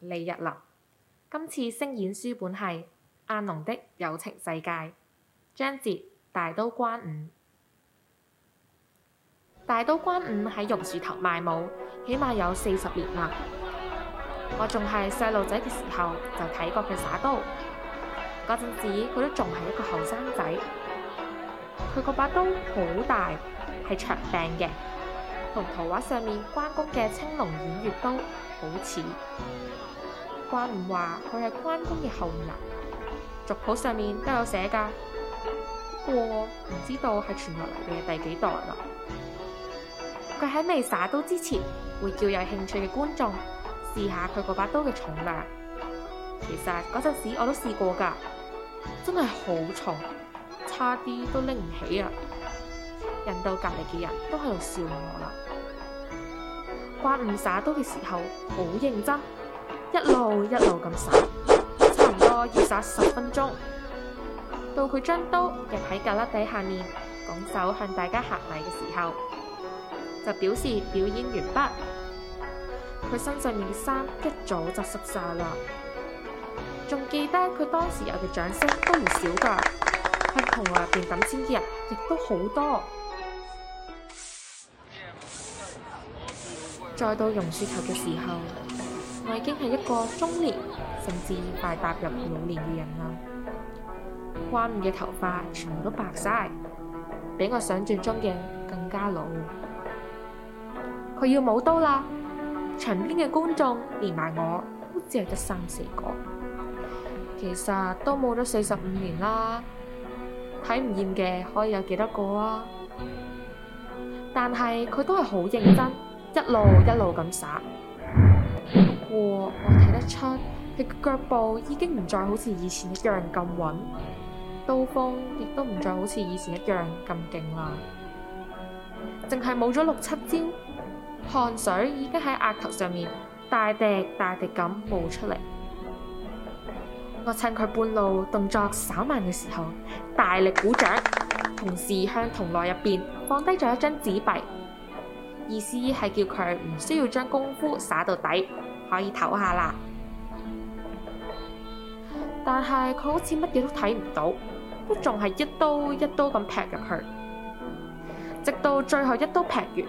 李日林，今次聲演書本係阿農的友情世界。張節大刀關五，大刀關五喺榕樹頭賣武，起碼有四十年啦。我仲係細路仔嘅時候就睇過佢耍刀，嗰陣時佢都仲係一個後生仔，佢嗰把刀好大，係長柄嘅。同圖畫上面關公嘅青龍偃月刀好似。關五話佢係關公嘅後人，啊，族譜上面都有寫噶，不過唔知道係傳落嚟嘅第幾代啦，啊。佢喺未耍刀之前，會叫有興趣嘅觀眾試下佢嗰把刀嘅重量。其實嗰陣時我都試過噶，真係好重，差啲都拎唔起啊！引到隔籬嘅人都喺度笑我啦。關五耍刀嘅時候好認真，一路一路咁耍，差唔多要耍十分鐘。到佢將刀入喺格拉底下面，拱手向大家行禮嘅時候，就表示表演完畢。佢身上面嘅衫一早就濕晒啦，仲記得佢當時有嘅掌聲都唔少噶，喺同台入邊咁先啲人亦都好多。再到榕樹頭嘅時候，我已經係一個中年，甚至快踏入老年嘅人啦。關五嘅頭髮全部都白晒，比我想象中嘅更加老。佢要舞刀啦，場邊嘅觀眾連埋我都只係得三四個。其實都冇咗四十五年啦，睇唔厭嘅可以有幾多個啊？但係佢都係好認真。一路一路咁耍，不過我睇得出佢腳步已經唔再好似以前一樣咁穩，刀鋒亦都唔再好似以前一樣咁勁啦，淨係冇咗六七招，汗水已經喺額頭上面大滴大滴咁冒出嚟。我趁佢半路動作稍慢嘅時候，大力鼓掌，同時向銅鑼入邊放低咗一張紙幣。意思係叫佢唔需要將功夫灑到底，可以唞下啦。但係佢好似乜嘢都睇唔到，都仲係一刀一刀咁劈入去，直到最後一刀劈完。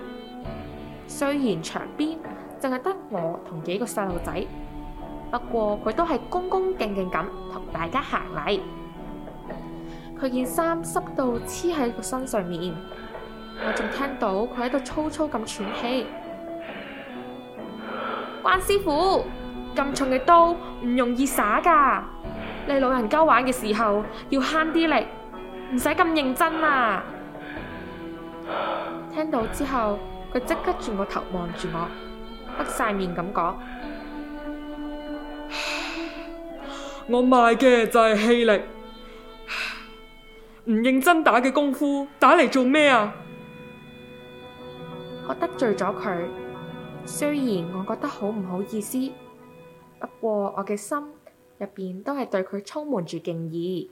雖然場邊淨係得我同幾個細路仔，不過佢都係恭恭敬敬咁同大家行禮。佢件衫濕到黐喺個身上面。我仲聽到佢喺度粗粗咁喘氣，關師傅，咁重嘅刀唔容易耍㗎，你老人家玩嘅時候要慳啲力，唔使咁認真啊！聽到之後，佢即刻轉個頭望住我，黑晒面咁講： 我賣嘅就係氣力，唔 認真打嘅功夫打嚟做咩啊？我得罪咗佢，雖然我覺得好唔好意思，不過我嘅心入面都係對佢充滿住敬意。